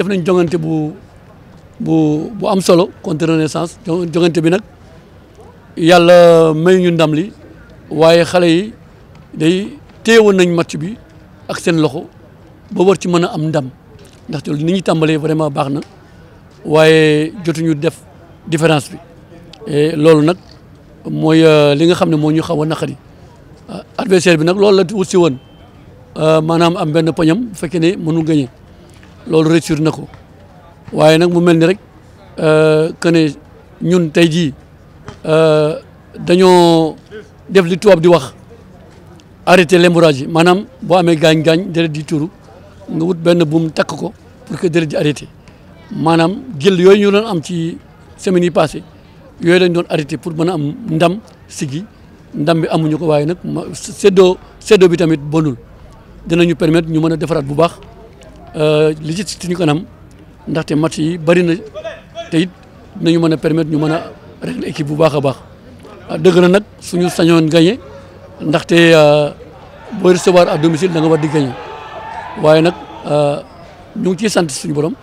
def nañ jongante bu bu bu am solo contre renaissance jongante bi nag yàlla may ñu ndam li waaye xale yi day téyewoon nañ match bi ak seen loxo boo war ci mën a am ndam ndaxte ni ñuy tàmbalee vraiment baax na waaye jotuñu def différence bi et loolu nag mooy euh, li nga xam ne moo ñu xaw a naqari euh, adversaire bi nag loolu la wut si woon euh, maanaam am benn poñam bu fekkee ne mënul gagné loolu réussir nako ko nak mu melni rek euh kené ñun euh def li tuab di wax arrêter l'hémorragie manam bo amé gañ gañ dér di turu nga wut ben buum tak ko pour que dér di arrêter manam jël yoy ñu doon am ci semaine yi passé yoy lañ doon arrêter pour mëna am ndam sigi ndam bi amuñu ko waaye sedo séddoo séddoo bi tamit bonul dinañu permettre ñu mëna défarat bu baax Euh, li ci suñu kanam ndaxte match yi bëri na te it nañu mën a permettre ñu mën a régler équipe bu baax a baax ah, dëgg la nag suñu sañoon gagné ndaxte euh, booy recevoir à domicile da nga war di gagné waaye nag euh, ñu ngi ciy sant suñu borom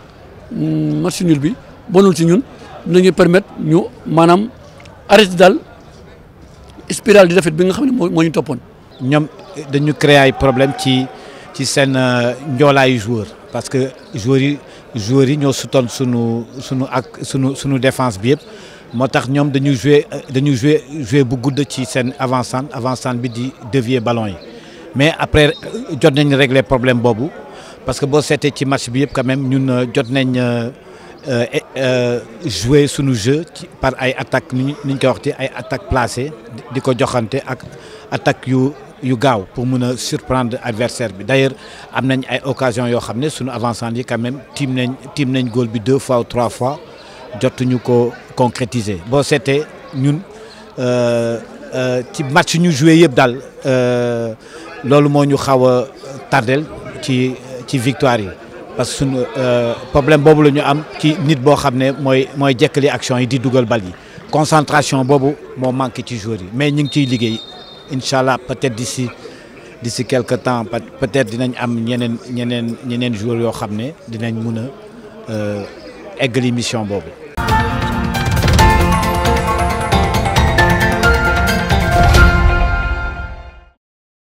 mm, match nul bi bonul ci ñun dinañu permettre ñu maanaam arrêté daal spirale di defet bi nga xam ne moo ñu toppoon. ñoom dañu créé ay problème ci ci seen njoolaayu joueur. parce que joueurs joueurs yi ñoo sutoon sunu sunu ak sunu sunu défense bi yëpp moo tax ñoom dañuy jouer dañuy jouer jouer bu gudd ci seen avançant centre avant bi di dévier ballon yi mais après jot nañ régler problème Bobu, parce que bon seetee ci match bi yëpp quand même ñun euh, jot nañ euh, euh, jouer sunu jeu par ay attaques ni ñu wax ci ay attaques placées ak attaques yu yu gaaw pour mun surprendre adversaire bi d' ailleurs ay occasion yo xam ne suñu avançant yi quand même team nañ team nañ góol bi deux fois ou trois fois jotuñu ko concrétiser boo seetee ñun euh, euh, ci match ñu joué yëpp dal euh, loolu moo ñu xaw tardel ci ci victoire parce que suñu problème boobu la ñu am ci nit boo xam ne mooy mooy action yi di dugal bal yi concentration boobu moo manqué ci joueurs yi mais ñu ciy liggéey Inch'Allah, peut-être d'ici d'ici temps peut-être d'ici am ñeneen ñeneen ñeneen joueurs yoo xam ne euh, mission